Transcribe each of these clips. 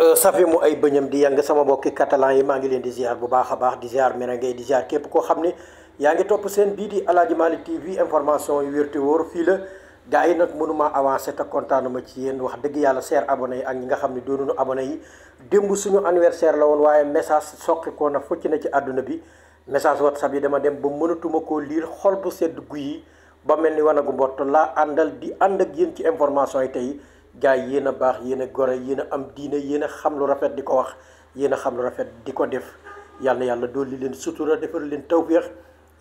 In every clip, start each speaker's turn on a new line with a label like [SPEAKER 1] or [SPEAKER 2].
[SPEAKER 1] Euh, safe mu ay bëñam di yang sama mbokki catalan yi maa ngi leen di ziar bu baax a baax di ziar merengue di ziar képp koo xam ne yaa ngi topp seen bii di Aladji Malick TV information yu wér te fii la gars yi nag mënuma avancé te kontaanuma ci yéen wax dëgg yàlla seer abonné yi ak ñi nga xam ne doonuñu abonné yi démb suñu anniversaire la woon waaye message soqi ko na focc na ci àdduna bi message whatsapp yi dama dem ba mënatuma koo liir xol bu sedd guy yi ba mel ni wanagu mbott laa àndal di ànd ak yéen ci information yi tey gars yi yéen a baax yéen a gore yéen a am diine yéen xam lu rafet di ko wax yéen a xam lu rafet di ko def yàlla yàlla dolli leen sutura defal leen tawféex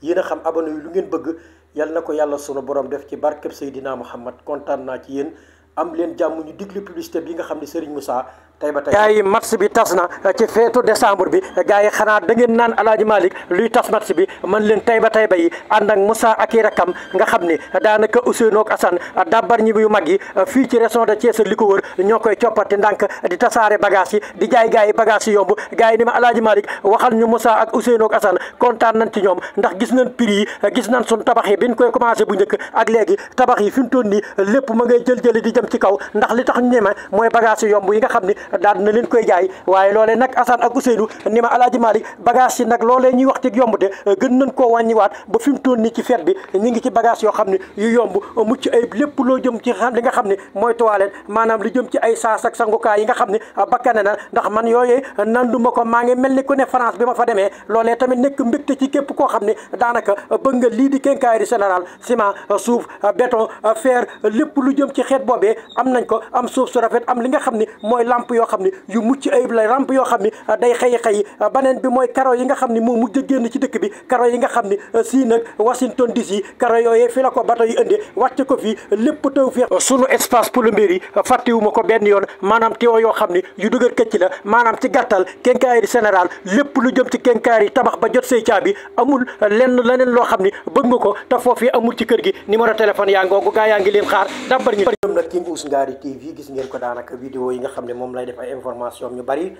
[SPEAKER 1] yéen a xam abonné yi lu ngeen bëgg yàlla na ko yàlla sunu borom def ci barkeb Seydina Muhammad kontaan naa ci yéen am leen jàmm ñu digle publicité bi nga xam ne Serigne Moussa tey ba tey gars yi match bi tas na euh, ci feetu décembre bi gars yi xanaa da ngeen naan alaaji Malick luy tas match bi man leen tey ba tey ba yi ànd ak Moussa ak i rakam nga xam ni daanaka Ousseynou ak Assane euh, dabbar ñi bu yu mag yi euh, fii ci région de Thiès li ko wër ñoo koy coppati ndànk di tasaare bagage yi di jaay gars yi bagage yi yomb gars yi ni ma alaaji Malick waxal ñu Moussa ak Ousseynou ak Assane kontaan nañ ci ñoom ndax gis nañ prix yi gis nañ suñ tabax yi biñ koy commencé bu njëkk ak léegi tabax yi fi mu toll nii lépp ma ngay jël jëli di jëm ci kaw ndax li tax ñu mooy bagage yomb yi nga xam ni daal na leen koy jaay waaye loolee nag Assane ak Ousseynou ni ma alaaji Malick bagage yi nag loolee ñuy wax ci yomb de gën nañ koo wàññiwaat ba fi mu toll nii ci fête bi ñu ngi ci bagage yoo xam ne yu yomb mucc ayib lépp loo jëm ci li nga xam ne mooy toilette maanaam lu jëm ci ay saas ak sangukaay yi nga xam ne bakkane na ndax man yooyee nanduma ko maa ngi mel ni ku ne France bi ma fa demee loolee tamit nekk mbégte ci képp koo xam ne daanaka bëgg nga lii di quincaillerie générale ciment suuf béton fer lépp lu jëm ci xeet boobee am nañ ko am suuf su rafet am li nga xam ni mooy lampe yoo xam ne yu mucc ayib la ramp yoo xam ni ah, day xëy xëy ah, baneen bi mooy karo yi nga xam ni moo mujj génn ci dëkk bi karo yi nga xam ni ah, sii nag Washington DC karo yooyee fi la ko bato yi ëndee wàcc ko fii lépp taw fii sunu espace plombier yi fàttewuma ko benn yoon maanaam tiwo yoo xam ni yu dëgër këcc la maanaam ci gàttal kenkaari général lépp lu jëm ci kenkaari tabax ba jot say caabi amul lenn leneen loo xam ni bëgg nga ko te foofu amul ci kër gi numéro téléphone yaa ngoogu gaa yaa ngi leen xaar dabbar ñi nag ci Ngoos Ngaary TV gis ngeen ko daanaka vidéo ne moom lay def information ñu bari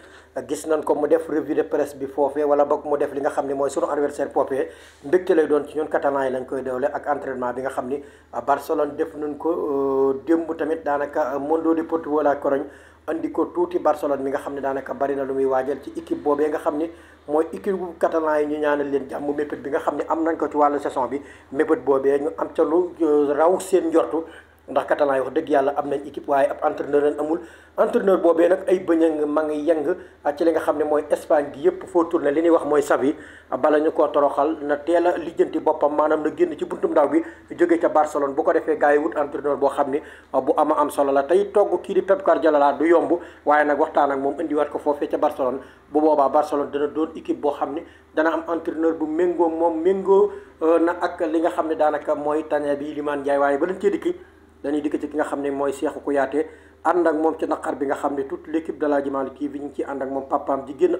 [SPEAKER 1] gis nañ ko mu def revue de presse bi foofee wala boog mu def li nga xam ne mooy sunu anniversaire poopee mbégte lay doon ci ñun catalan yi lañ koy dewle ak entraînement bi nga xam ni euh, Barcelone def nañ ko euh, démb tamit daanaka euh, Mundo Deportivo La Coruña andi ko tuuti Barcelone mi nga xam ne daanaka bari na lu muy waajal ci équipe boobee nga xam ni mooy équipe bu catalan yi ñu ñaanal leen jàmm mépét bi nga xam ne am nañ ko ci wàllu saison bi mépét boobee ñu am ca raw seen njortu ndax catalan yi wax dëgg yàlla am nañ équipe waaye ab entraîneur leen amul entraîneur boobee nag ay bëñëng ma ngi yeng ah, ci li nga xam ne mooy Espagne gi yëpp foo tourné li ñuy wax mooy Xavi ah, bala ñu koo toroxal na teel a lijjanti boppam maanaam na génn ci buntum ndaw bi jógee ca Barcelone bu ko defee gars yi wut boo xam ne ah, bu ama am solo la tey togg kii di Pep Guardiola du yomb waaye nag waxtaan ak moom indiwaat ko foofee ca Barcelone bu boobaa Barcelone dana doon équipe boo xam ne dana am entraîneur bu méngoo moom méngoo euh, na ak li xam ne daanaka mooy tane bi Iliman Ndiaye waaye ba leen cee dikki dañuy dikk ci ki nga xam ne mooy ku Kouyaté ànd ak moom ci naqar bi nga xam ne toute l'équipe de la Djimali TV ñu ngi ciy ànd ak moom papaam ji génn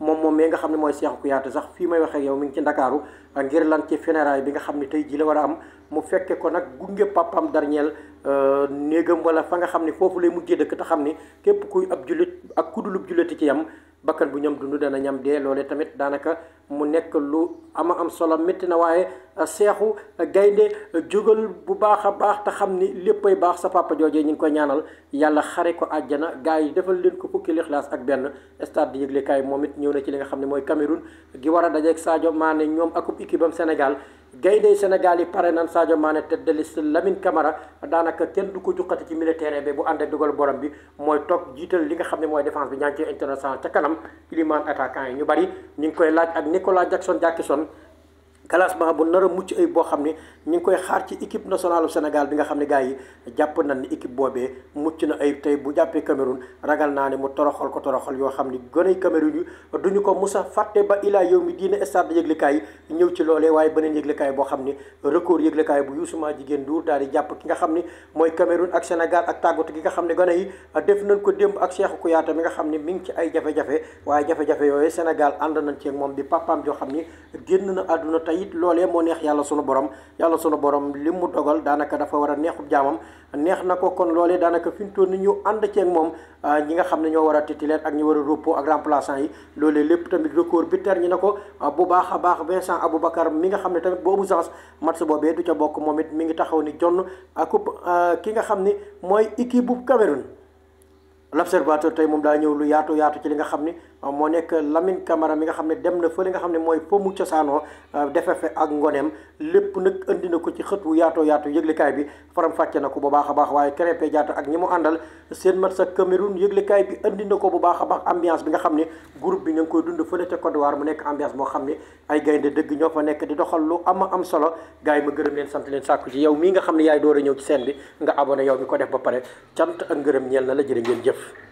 [SPEAKER 1] moom moom mais nga xam ne mooy Cheikhou Kouyaté sax fi may waxee yow mi ngi ci Ndakaaru ngir lan ci funérailles bi nga xam ne tey ji la war a am mu fekke ko nag gunge papaam dernier euh, néegam wala fa nga xam ne foofu lay mujjee dëkk te xam ni képp kuy ab jullit ak kudulub julliti ci yam bakkan bu ñam dund dana ñam dee loolee tamit daanaka mu nekk lu ama am solo métti na waaye seexu gaynde jógal bu baax a baax te xam ni léppay baax sa papa joojee ñu ngi koy ñaanal yàlla xare ko àjjana gars yi defal leen ko fukki lixlaas ak benn stade di yëglekaay moom it ñëw na ci li nga xam ne mooy Cameroun gi war a dajeeg Sadio maane ñoom ak équipe am Sénégal gaynde Sénégal yi pare nan Sadio maane te de liste Lamine Camara daanaka kenn du ko juqati ci militaire bi bu ànd ak dugal borom bi mooy toog jiital li nga xam ne mooy défense bi ñaa ngi ci ca kanam ilimaan attaquant yi ñu bari ñu ngi koy laaj ak Nicolas Jackson Jackson classement bu nar a mucc ay boo xam ne ñu ngi koy xaar ci équipe nationale Sénégal bi nga xam ne gars yi jàpp nañ ni équipe boobee mucc na ay tey bu jàppee Cameroun ragal naa ne mu toroxal ko toroxal yoo xam ni gone yi yi duñu ko musa fàtte ba ilaa yow mi diine stade yëglekaay yi ñëw ci loolee waaye beneen yëglekaay boo xam ni record yëglekaay bu Youssouma jigéen duur daal di jàpp ki nga xam ni mooy Cameroun ak Sénégal ak tàggatu gi nga xam ne gone yi def nañ ko démb ak Cheikhou Kouyaté mi nga xam ne mi ngi ci ay jafe-jafe waaye jafe-jafe yooyu Sénégal ànd nañ ci moom bi papaam joo xam ni génn na àdduna it loolee moo neex yàlla suñu borom yàlla suñu borom li mu dogal daanaka dafa war a neexub jaamam neex na ko kon loolee daanaka fi mu toll ni ñu ànd ceeg moom ah, ñi nga xam ne ñoo war a titulaire ak ñi war a repos ak remplaçant yi loolee lépp tamit record bi terñi na ko ah, bu baax a baax Vincent Aboubacar mi nga xam ne tamit boobu absence match boobee du ca bokk moom it mi ngi taxaw ni jonn ak ah, ki nga xam ni mooy équipe bu Cameroun l'observateur tey moom daa ñëw lu yaatu yaatu ci li nga xam ni Euh, moo nekk Lamine Camara mi nga xam ne dem na fële nga xam ne mooy fa mu cosaanoo euh, defe fe ak ngoneem lépp nag indi na ko ci xët wu yaatoo yaatu yëglekaay bi faram fàcce na ko bu baax a baax waaye Krépin Diatta ak ñi mu àndal seen match sa Cameroun yëglekaay bi indi na ko bu baax a baax ambiance bi nga xam ne groupe bi nga koy dund fële ca Côte d'Ivoire mu nekk ambiance moo xam ne ay gaynde dëgg ñoo fa nekk di doxal lu ama am solo gars yi ma gërëm leen sant leen sàkku ci yow mii nga xam ne yaay door ñëw ci seen bi nga abonné yow mi ko def ba pare cant ak ngërëm ñeel na la jërë jëf